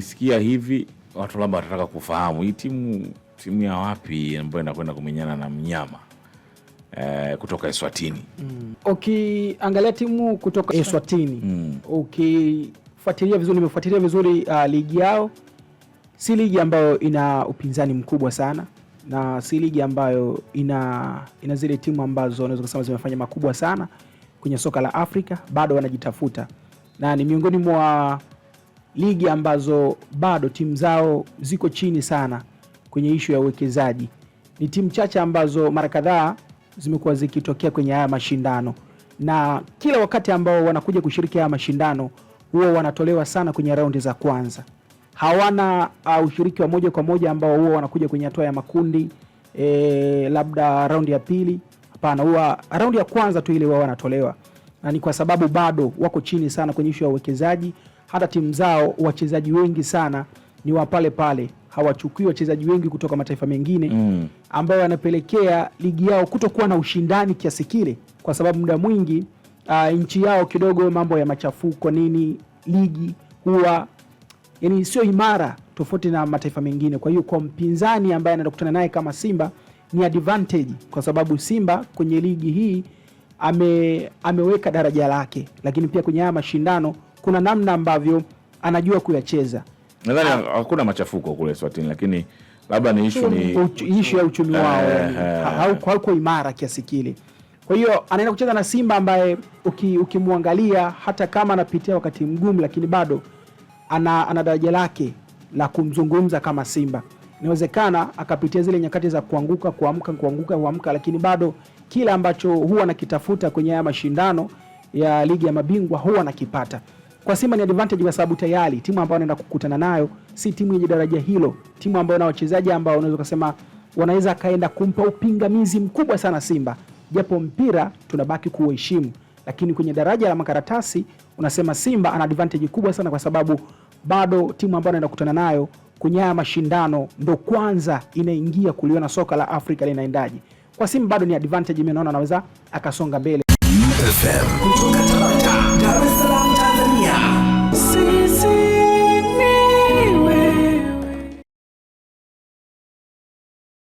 ukisikia hivi watu labda watataka kufahamu hii timu timu ya wapi ambayo inakwenda kumenyana na mnyama eh, kutoka Eswatini. Mm. Ukiangalia mm. okay, timu kutoka Eswatini mm. ukifuatilia okay, vizuri, nimefuatilia vizuri uh, ligi yao si ligi ambayo ina upinzani mkubwa sana na si ligi ambayo ina, ina zile timu ambazo unaweza kusema zimefanya makubwa sana kwenye soka la Afrika, bado wanajitafuta na ni miongoni mwa ligi ambazo bado timu zao ziko chini sana kwenye ishu ya uwekezaji. Ni timu chache ambazo mara kadhaa zimekuwa zikitokea kwenye haya mashindano, na kila wakati ambao wanakuja kushiriki haya mashindano huwa wanatolewa sana kwenye raundi za kwanza. Hawana uh, ushiriki wa moja kwa moja ambao huwa wanakuja kwenye hatua ya makundi e, labda raundi ya pili. Hapana, huwa raundi ya kwanza tu ile wao wanatolewa, na ni kwa sababu bado wako chini sana kwenye ishu ya uwekezaji hata timu zao wachezaji wengi sana ni wa pale pale, hawachukui wachezaji wengi kutoka mataifa mengine mm. ambayo yanapelekea ligi yao kutokuwa na ushindani kiasi kile, kwa sababu muda mwingi uh, nchi yao kidogo mambo ya machafuko nini, ligi huwa yani sio imara, tofauti na mataifa mengine. Kwa hiyo kwa mpinzani ambaye anaenda kukutana naye kama Simba ni advantage, kwa sababu Simba kwenye ligi hii ame, ameweka daraja lake, lakini pia kwenye haya mashindano kuna namna ambavyo anajua kuyacheza. Nadhani ah. hakuna machafuko kule Swatini, lakini labda ni ishu ni... ishu ya uchumi wao hauko imara kiasi kile. Kwa hiyo anaenda kucheza na Simba ambaye ukimwangalia uki hata kama anapitia wakati mgumu, lakini bado ana, ana daraja lake la kumzungumza kama Simba. Inawezekana akapitia zile nyakati za kuanguka, kuamka, kuanguka, kuamka, lakini bado kile ambacho huwa anakitafuta kwenye haya mashindano ya ligi ya mabingwa huwa anakipata. Kwa Simba ni advantage kwa sababu tayari timu ambayo anaenda kukutana nayo si timu yenye daraja hilo, timu ambayo na wachezaji ambao unaweza kusema wanaweza kaenda kumpa upingamizi mkubwa sana Simba, japo mpira tunabaki kuheshimu, lakini kwenye daraja la makaratasi unasema Simba ana advantage kubwa sana, kwa sababu bado timu ambayo anaenda kukutana nayo kwenye haya mashindano ndo kwanza inaingia kuliona soka la Afrika linaendaje. Kwa Simba bado ni advantage, mimi naona anaweza akasonga mbele FM.